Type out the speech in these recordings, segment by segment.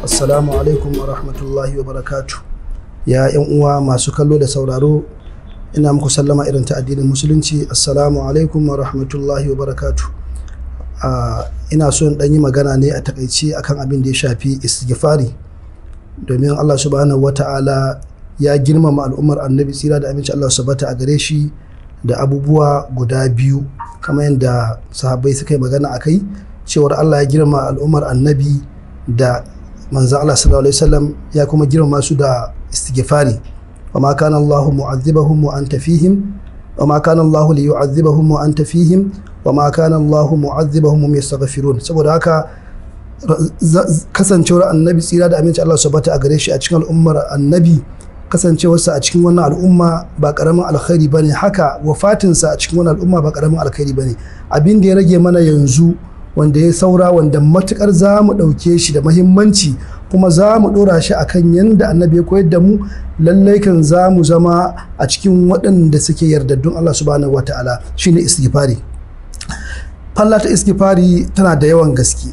Assalamu alaikum wa rahmatullahi wa barakatu. Ya 'yan uwa masu kallo da sauraro ina muku sallama irin ta addinin musulunci assalamu alaikum wa rahmatullahi wa barakatu ina so in yi magana ne a takaice akan abin da ya shafi istighfari domin Allah subhanahu ta'ala ya girmama al'ummar annabi tsira da aminci Allah subhanahu a gare shi da abubuwa guda biyu kamar yadda sahabbai suka yi magana a kai cewar Allah ya girma al'ummar annabi da manzan Allah sallallahu alaihi wasallam ya kuma girma su da istighfari وما كان الله معذبهم وأنت فيهم وما كان الله ليعذبهم وأنت فيهم وما كان الله معذبهم هم يستغفرون saboda haka kasancewar annabi tsira da aminci Allah subhanahu a gare shi a cikin al'ummar annabi kasancewarsa a cikin wannan al'umma ba karamin alkhairi bane haka wafatinsa a cikin wannan al'umma ba karamin alkhairi bane abin da ya rage mana yanzu wanda ya saura wanda matukar za mu ɗauke shi da muhimmanci. kuma za mu ɗora shi a kan yadda annabi ya koyar da mu lallai kan za mu zama a cikin waɗanda suke yardaddun Allah subhanahu shi shine istighfari falla ta istighfari tana da yawan gaske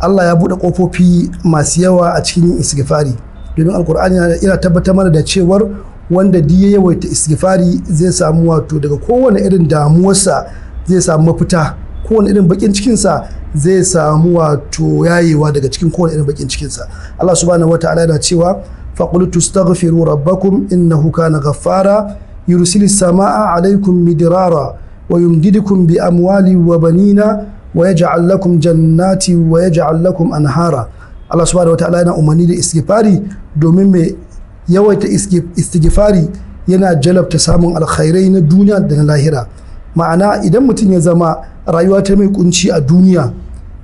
Allah ya buɗe ƙofofi masu yawa a cikin istighfari domin alkur'ani yana tabbatar mana da cewar wanda di yawaita istighfari zai samu wato daga kowane irin damuwarsa zai samu mafita kowane irin bakin cikinsa zai samu wato yayewa daga cikin kowane irin bakin cikinsa Allah subhanahu wata'ala yana cewa faqul tastaghfiru rabbakum innahu kana ghaffara yursilis samaa alaikum midrara wa yumdidukum bi amwali wa banina wa yaj'al lakum jannati wa yaj'al lakum anhara Allah subhanahu wata'ala yana umarni da istighfari domin mai yawaita istighfari yana jalabta samun alkhairai na duniya da na lahira ma'ana idan mutum ya zama rayuwa ta mai kunci a duniya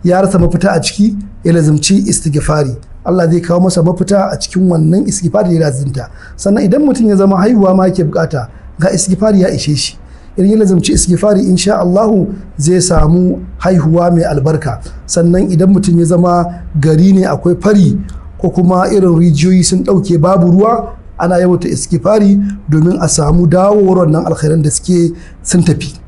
ya rasa mafita a ciki ya lazimci istighfari Allah zai kawo masa mafita a cikin wannan istighfari da lazimta sannan idan mutum ya zama haihuwa ma ke bukata ga istighfari ya ishe shi idan ya lazimci istighfari insha Allahu zai samu haihuwa mai albarka sannan idan mutum ya zama gari ne akwai fari ko kuma irin rijiyoyi sun ɗauke babu ruwa ana yawata iskifari domin a samu dawowar wannan alkhairan da suke sun tafi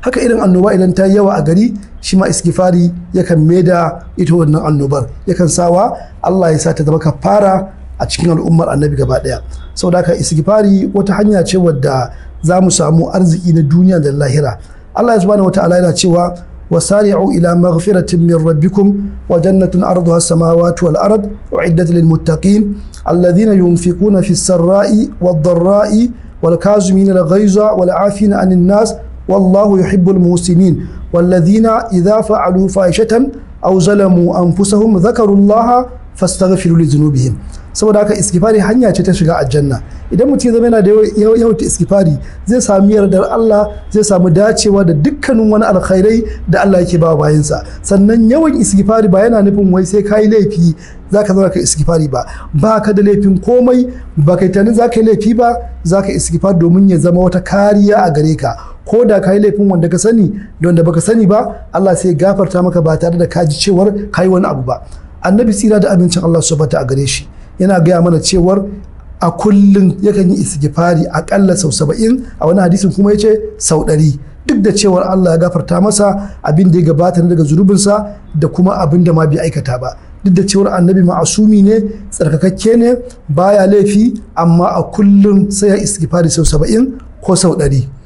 haka irin annoba idan ta yi yawa a gari shi ma iskifari yakan maida ita wannan annobar yakan sawa Allah ya sa ta zama kafara a cikin al'ummar annabi gaba daya saboda haka iskifari wata hanya ce wadda za mu samu arziki na duniya da lahira Allah ya subhanahu wata'ala yana cewa wa sari'u ila maghfiratin min rabbikum wa jannatin arduha samawati wal ard uiddat lil muttaqin alladhina yunfiquna fis sarai wad darai wal kazimina al ghayza wal afina anin nas wallahu يحب المحسنين والذين إذا فعلوا فاحشة أو ظلموا أنفسهم ذكروا الله fastaghfiru li dhunubihim saboda haka iskifari hanya ce ta shiga aljanna idan mutum ya zama yana da yawaita iskifari zai sami yardar Allah zai samu dacewa da dukkanin wani alkhairai da Allah yake ba bayansa sannan yawan iskifari ba yana nufin wai sai kai laifi zaka zama ka iskifari ba ba ka da laifin komai ba kai tani zaka yi laifi ba zaka iskifar domin ya zama wata kariya a gare ka ko da ka yi laifin wanda ka sani da wanda baka sani ba Allah sai gafarta maka ba tare da ka ji cewar ka wani abu ba annabi tsira da abincin Allah su bata a gare shi yana gaya mana cewar a kullum yakan yi istighfari akalla sau saba'in a wani hadisin kuma ya ce sau ɗari duk da cewar Allah ya gafarta masa abin da ya gabata daga sa da kuma abin da ma bai aikata ba duk da cewar annabi ma'asumi ne tsarkakakke ne baya laifi amma a kullum sai ya istighfari sau saba'in ko sau ɗari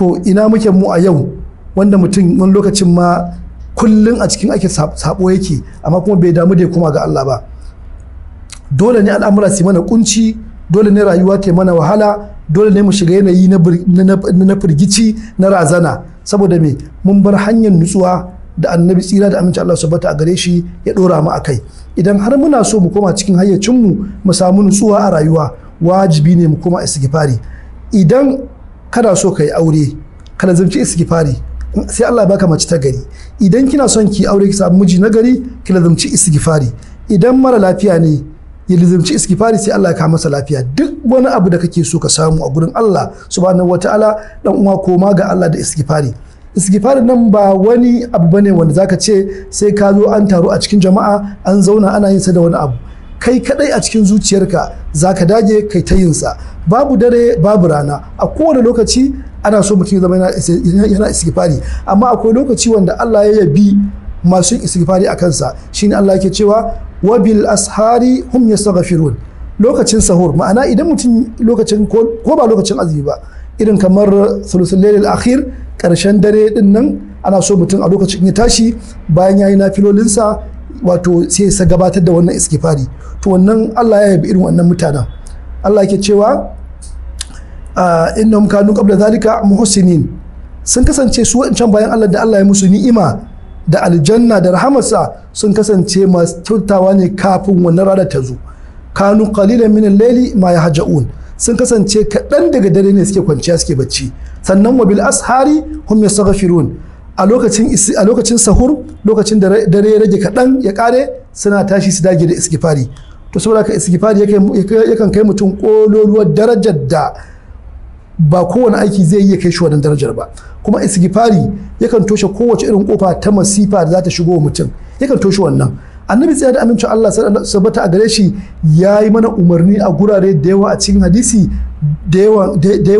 to ina muke mu a yau wanda mutum wani lokacin ma kullum a cikin ake sabo yake amma kuma bai damu da ya koma ga Allah ba dole ne al'amura su mana kunci dole ne rayuwa ta mana wahala dole ne mu shiga yanayi na firgici na razana saboda me mun bar hanyar nutsuwa da annabi tsira da aminci Allah subhanahu a gare shi ya dora mu akai idan har muna so mu koma cikin hayyacin mu mu samu nutsuwa a rayuwa wajibi ne mu koma istighfari idan kana so ka yi aure kana zamci istighfari sai Allah baka mace ta gari idan kina son ki aure ki samu miji na gari ki lazumci istighfari idan mara lafiya ne ya lazumci iskifari sai Allah ya kawo masa lafiya duk wani abu da kake so ka samu a gurin Allah subhanahu wataala dan uwa koma ga Allah da iskifari iskifari nan ba wani abu bane wanda zaka ce sai ka zo an taru a cikin jama'a an zauna ana yin sa da wani abu kai kadai a cikin zuciyarka za ka dage kai ta yinsa babu dare babu rana a kowane lokaci ana so mutum ya zama yana istighfari amma akwai lokaci wanda Allah ya yabi masu istighfari a kansa shine Allah yake cewa wabil ashari hum yastaghfirun lokacin sahur ma'ana idan mutum lokacin ko ba lokacin azumi ba irin kamar sulusul lailil akhir karshen dare din nan ana so mutum a lokacin ya tashi bayan ya yayi nafilolinsa wato sai sa gabatar da wannan iskifari to wannan Allah ya yabi irin wannan mutanen Allah yake cewa ah, innahum kanu qabla zalika muhsinin sun kasance su wancan bayan Allah da Allah ya musu ni'ima da aljanna da rahamarsa sun kasance masu kyautawa ne kafin wannan rana ta zo kanu qalilan min al-layli ma yahja'un sun kasance kaɗan daga dare ne suke kwanciya suke bacci sannan wa bil ashari hum yastaghfirun a lokacin a lokacin sahur lokacin da dare rage kaɗan ya ƙare suna tashi su dage da iskifari to saboda ka iskifari yakan kai mutum ƙololuwar darajar da ba kowane aiki zai iya kai shi wannan darajar ba kuma iskifari yakan toshe kowace irin kofa ta masifa da za ta shigo mutum yakan toshe wannan annabi tsaya da amincin Allah sabata a gare shi ya yi mana umarni a gurare da yawa a cikin hadisi da yawa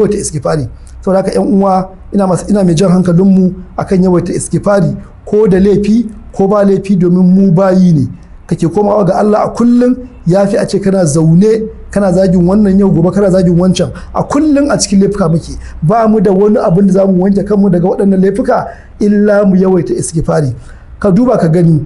ta iskifari saboda ka yan uwa ina masu ina mai jan hankalinmu akan yawaita iskifari ko da laifi ko ba laifi domin mu bayi ne kake komawa ga Allah a kullum ya fi a ce kana zaune kana zagin wannan yau gobe kana zagin wancan a kullum a cikin laifuka muke ba mu da wani abin da za mu wanke kanmu daga waɗannan laifuka illa mu yawaita iskifari ka duba ka gani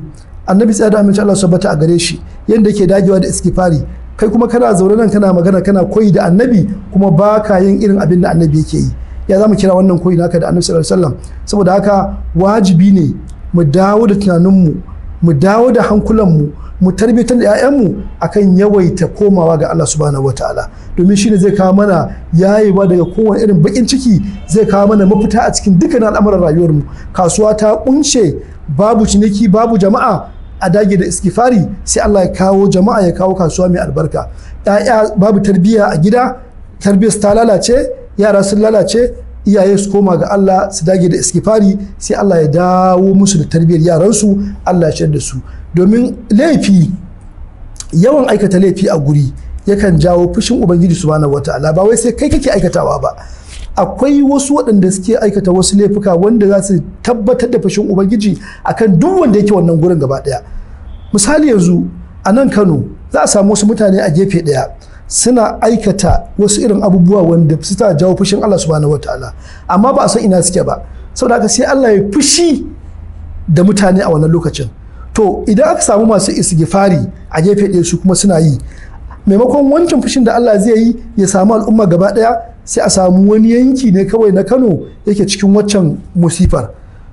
annabi tsaya da amince Allah bata a gare shi yanda yake dagewa da iskifari kai kuma kana zaune nan kana magana kana koyi da annabi kuma ba ka yin irin abin da annabi yake yi ya za mu kira wannan koyi naka da annabi sallallahu alaihi wasallam saboda haka wajibi ne mu dawo da tunaninmu mu dawo da hankulanmu mu tarbitar da 'ya'yanmu akan yawaita komawa ga Allah subhanahu wataala domin shine zai kawo mana yayewa daga kowane irin bakin ciki zai kawo mana mafita a cikin dukkan al'amuran mu kasuwa ta kunshe babu ciniki babu jama'a a dage da iskifari sai Allah ya kawo jama'a ya kawo kasuwa mai albarka 'ya'ya babu tarbiyya a gida tarbiyyar ta lalace yara sun lalace iyaye su koma ga Allah su dage da iskifari sai Allah ya dawo musu da tarbiyyar yaransu Allah ya da su domin laifi yawan aikata laifi a guri yakan jawo fushin ubangiji subhanahu wataala ba wai sai kai kake aikatawa ba akwai wasu waɗanda suke aikata wasu laifuka wanda za su tabbatar da fushin ubangiji akan duk wanda yake wannan gurin gaba ɗaya misali yanzu a nan kano za a samu wasu mutane a gefe ɗaya suna aikata wasu irin abubuwa wanda su ta jawo fushin Allah subhanahu wataala amma ba a san ina suke ba saboda haka sai Allah ya fushi da mutane a wannan lokacin to idan aka samu masu isgifari a gefe ɗaya su kuma suna yi maimakon wancan fushin da Allah zai yi ya samu al'umma gaba ɗaya sai a samu wani yanki ne kawai na Kano yake cikin waccan musifar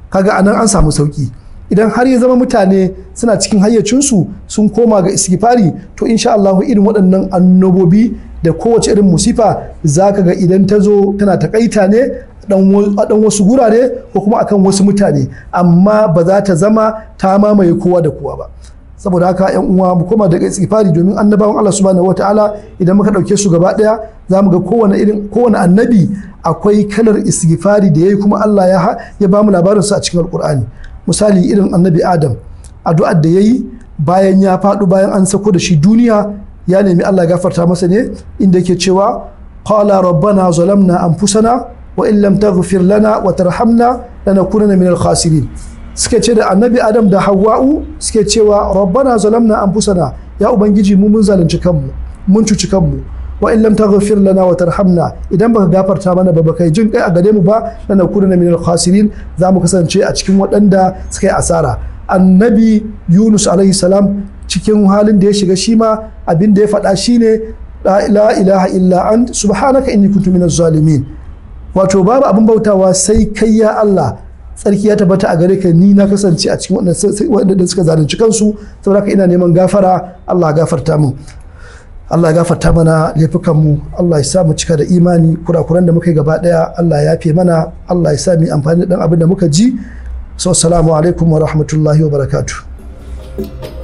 kaga anan an samu sauki idan har ya zama mutane suna cikin hayyacinsu sun koma ga iskifari to insha allahu irin waɗannan annobobi da kowace irin musifa zaka ga idan ta zo tana takaita ne a ɗan wasu gurare ko kuma akan wasu mutane amma ba za ta zama ta mamaye kowa da kowa ba saboda haka yan uwa mu koma daga istighfari domin annabawan Allah subhanahu wataala idan muka dauke su gaba daya zamu ga kowane irin kowane annabi akwai kalar istighfari da yayi kuma Allah ya ya mu labarin su a cikin alqur'ani misali irin annabi adam addu'ar da ya yi bayan ya faɗo bayan an sako da shi duniya ya nemi allah gafarta masa ne inda yake cewa qala rabbana zalamna anfusana wa in lam taghfir lana wa tarhamna lanakunanna minal khasirin suke ce da annabi adam da hawa'u suke cewa rabbana zalamna anfusana ya ubangiji mu mun zalunci kanmu mun cuci kanmu wa in lam taghfir lana wa tarhamna idan baka gafarta mana ba baka jin kai a gare mu ba lanakunanna minal khasirin za mu kasance a cikin waɗanda suka yi asara annabi yunus alaihi salam cikin halin da ya shiga shi ma abin da ya faɗa shine la ilaha illa an subhanaka inni kuntu minaz zalimin wato babu abin bautawa sai kai ya Allah tsarki ya tabbata a gare ka ni na kasance a cikin waɗanda suka zalunci kansu saboda ina neman gafara Allah gafarta min Allah ya gafarta mana laifukan mu. Allah ya sa mu cika da imani kurakuran da muka yi gaba daya Allah ya yafe mana Allah ya sa mu amfani da dan abin da muka ji so assalamu alaikum wa rahmatullahi wa barakatuh